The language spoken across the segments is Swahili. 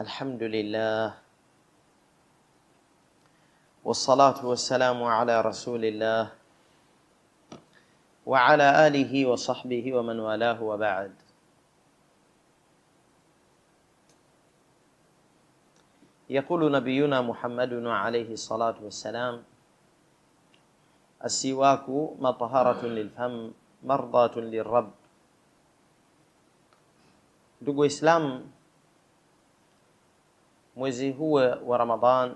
الحمد لله والصلاة والسلام على رسول الله وعلى آله وصحبه ومن والاه وبعد يقول نبينا محمد عليه الصلاة والسلام السواك مطهرة للفم مرضاة للرب دوغو إسلام mwezi huu wa Ramadhan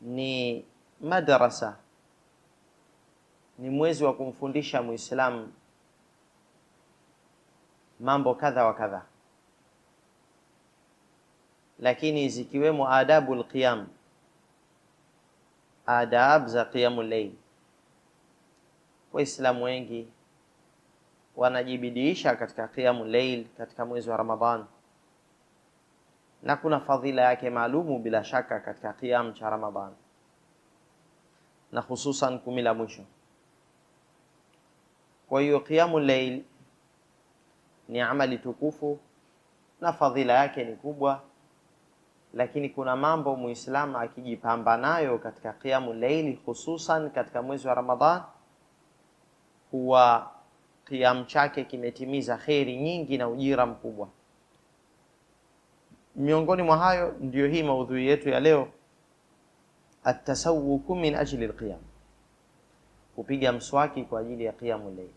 ni madrasa, ni mwezi wa kumfundisha Muislamu mambo kadha wa kadha, lakini zikiwemo adabu alqiyam, adab za qiyamu llail. Waislamu wengi wanajibidiisha katika qiyamu layl katika mwezi wa Ramadhan na kuna fadhila yake maalumu bila shaka katika kiamu cha Ramadhan na hususan kumi la mwisho. Kwa hiyo kiamu leil ni amali tukufu na fadhila yake ni kubwa, lakini kuna mambo muislamu akijipamba nayo katika kiamu leili, hususan katika mwezi wa Ramadhan, huwa kiamu chake kimetimiza kheri nyingi na ujira mkubwa. Miongoni mwa hayo ndiyo hii maudhui yetu ya leo, atasawuku min ajli alqiyam, kupiga mswaki kwa ajili ya qiyamu layl.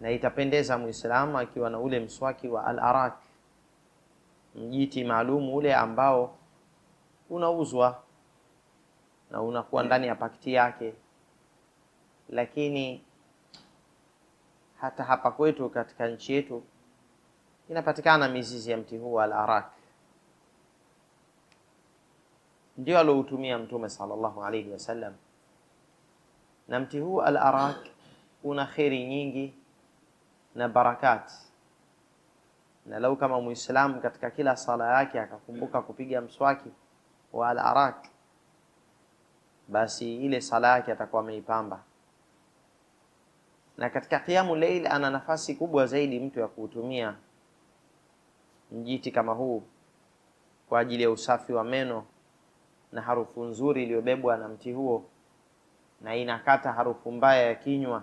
Na itapendeza muislamu akiwa na ule mswaki wa al-arak, mjiti maalum ule ambao unauzwa na unakuwa ndani ya pakiti yake, lakini hata hapa kwetu katika nchi yetu inapatikana mizizi ya mti huu al arak, ndio aloutumia Mtume sallallahu alayhi wasallam. Na mti huu al arak una kheri nyingi na barakati, na lau kama Muislamu katika kila sala yake akakumbuka kupiga mswaki wa al arak, basi ile sala yake atakuwa ameipamba na katika qiyamu leil ana nafasi kubwa zaidi mtu ya kuutumia mjiti kama huu kwa ajili ya usafi wa meno na harufu nzuri iliyobebwa na mti huo, na inakata harufu mbaya ya kinywa,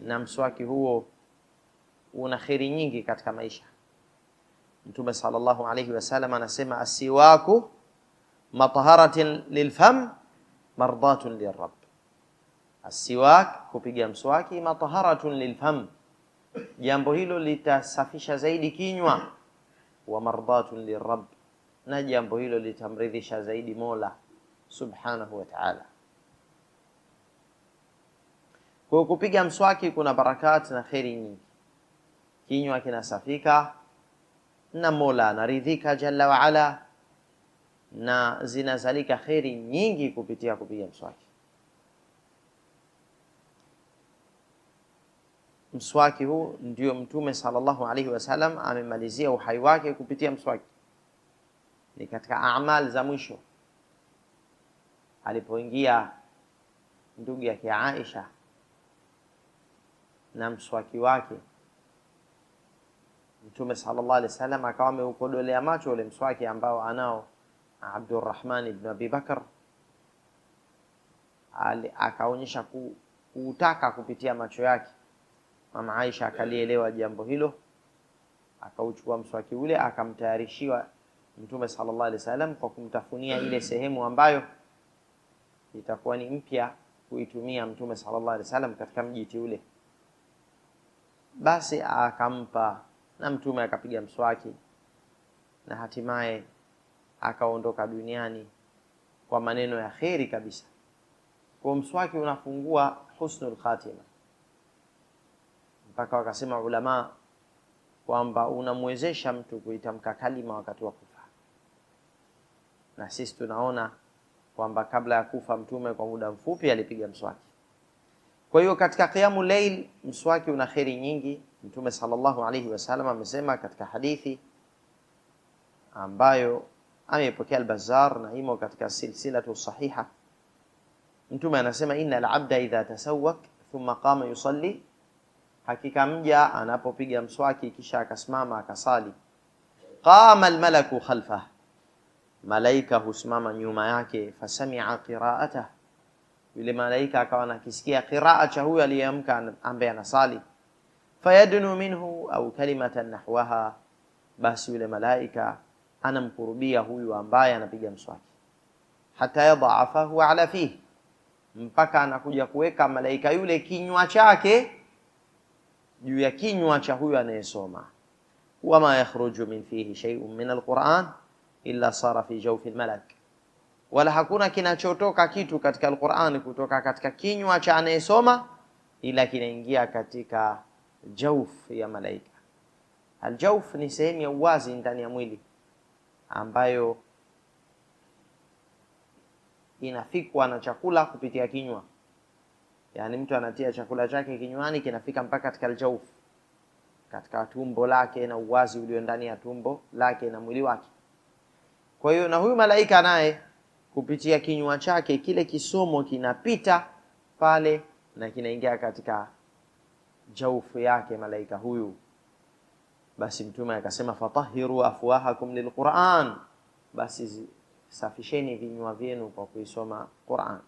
na mswaki huo una kheri nyingi katika maisha. Mtume sallallahu alayhi wasallam anasema, asiwaku mataharatin lilfam mardatun lirab, asiwak, kupiga mswaki, mataharatun lilfam, jambo hilo litasafisha zaidi kinywa wa mardhatun lirabb, na jambo hilo litamridhisha zaidi Mola subhanahu wa ta'ala. Kwa kupiga mswaki kuna barakati na kheri nyingi, kinywa kinasafika na Mola anaridhika jalla waala, na zinazalika kheri nyingi kupitia kupiga mswaki. mswaki huu ndio Mtume sallallahu alaihi wasallam amemalizia uhai wake kupitia mswaki. Ni katika amali za mwisho alipoingia ndugu yake Aisha na mswaki wake, Mtume sallallahu alaihi wasallam akawa ameukodolea macho ule mswaki ambao anao Abdurrahman ibn Abi Bakar, akaonyesha kuutaka kupitia macho yake Mama Aisha akalielewa jambo hilo, akauchukua mswaki ule akamtayarishiwa Mtume sallallahu alaihi wasallam kwa kumtafunia ile sehemu ambayo itakuwa ni mpya kuitumia Mtume sallallahu alaihi wasallam katika mjiti ule. Basi akampa na Mtume akapiga mswaki na hatimaye akaondoka duniani kwa maneno ya kheri kabisa. Kwa mswaki unafungua husnul khatima mpaka wakasema ulama kwamba unamwezesha mtu kuitamka kalima wakati wa kufa, na sisi tunaona kwamba kabla ya kufa Mtume kwa muda mfupi alipiga mswaki. Kwa hiyo katika qiyamu leil mswaki una kheri nyingi. Mtume sallallahu alayhi wasallam amesema katika hadithi ambayo amepokea bazzar na imo katika silsilatu sahiha, Mtume anasema inna al-abda idha tasawak thumma qama yusalli hakika mja anapopiga mswaki kisha akasimama akasali, qama almalaku khalfah, malaika husimama nyuma yake, fasamia qiraatah, yule malaika akawa anakisikia qiraa cha huyo aliyeamka ambaye anasali, fayadnu minhu au kalimatan nahwaha, basi yule malaika anamkurubia huyu ambaye anapiga mswaki, hata yadhafahu ala fihi, mpaka anakuja kuweka malaika yule kinywa chake juu ya kinywa cha huyo anayesoma. Wama yakhruju min fihi shay'un min alquran illa sara fi jawfi almalak, wala hakuna kinachotoka kitu katika alquran kutoka katika kinywa cha anayesoma ila kinaingia katika jauf ya malaika. Aljauf ni sehemu ya uwazi ndani ya mwili ambayo inafikwa na chakula kupitia kinywa yani mtu anatia chakula chake kinywani, kinafika mpaka katika aljauf katika tumbo lake na uwazi ulio ndani ya tumbo lake na mwili wake. Kwa hiyo na huyu malaika naye kupitia kinywa chake kile kisomo kinapita pale na kinaingia katika jaufu yake malaika huyu. Basi Mtume akasema fatahiru afwahakum lilquran, basi safisheni vinywa vyenu kwa kuisoma Quran.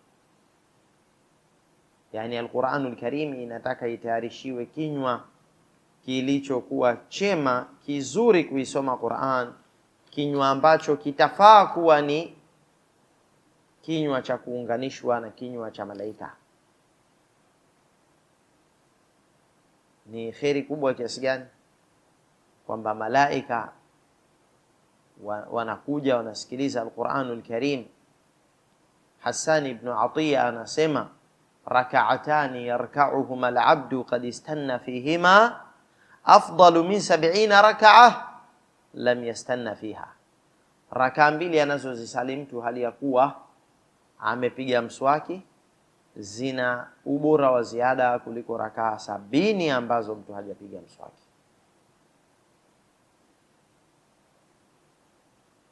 Yani Alquranul Karim inataka itayarishiwe kinywa kilichokuwa chema kizuri kuisoma Quran, kinywa ambacho kitafaa kuwa ni kinywa cha kuunganishwa na kinywa cha malaika. Ni kheri kubwa kiasi gani kwamba malaika wanakuja wanasikiliza Alquranul Karim. Hasani ibn Atiya anasema ركعتان يركعهما العبد قد استن فيهما أفضل من سبعين ركعة لم يستنى فيها ركعة بلي أنا زوزي سالمت هل يقوى عمي بيجا مسواكي زنا أبورة وزيادة كلك ركعة سبيني أنبازو متو هل يبيجا مسواكي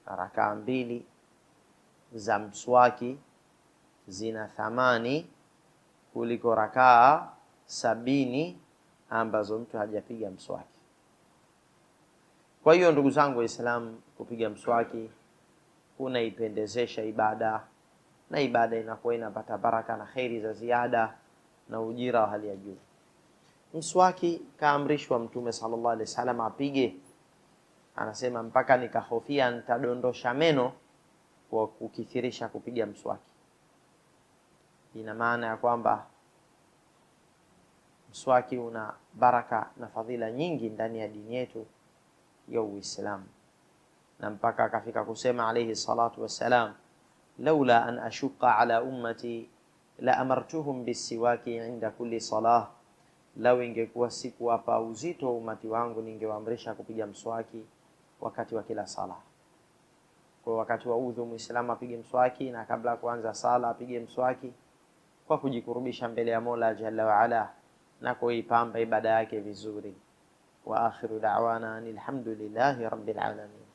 ركعة مبيلي زمسواكي زنا ثماني kuliko rakaa sabini ambazo mtu hajapiga mswaki. Kwa hiyo ndugu zangu Waislamu, kupiga mswaki kunaipendezesha ibada na ibada inakuwa inapata baraka na kheri za ziada na ujira wa hali ya juu. Mswaki kaamrishwa Mtume sallallahu alaihi wasallam apige, anasema mpaka nikahofia nitadondosha meno kwa kukithirisha kupiga mswaki ina maana ya kwamba mswaki una baraka na fadhila nyingi ndani ya dini yetu ya Uislamu, na mpaka akafika kusema alayhi salatu wassalam, laula an ashuqa ala ummati la amartuhum bisiwaki inda kulli salah, lau ingekuwa sikuwapa uzito umati wangu ningewaamrisha kupiga mswaki wakati wa kila sala. Kwa wakati wa udhu, muislamu apige mswaki, na kabla kuanza sala apige mswaki kwa kujikurubisha mbele ya Mola Jalla waala na kuipamba ibada yake vizuri. Wa akhiru da'wana alhamdulillahi rabbil alamin.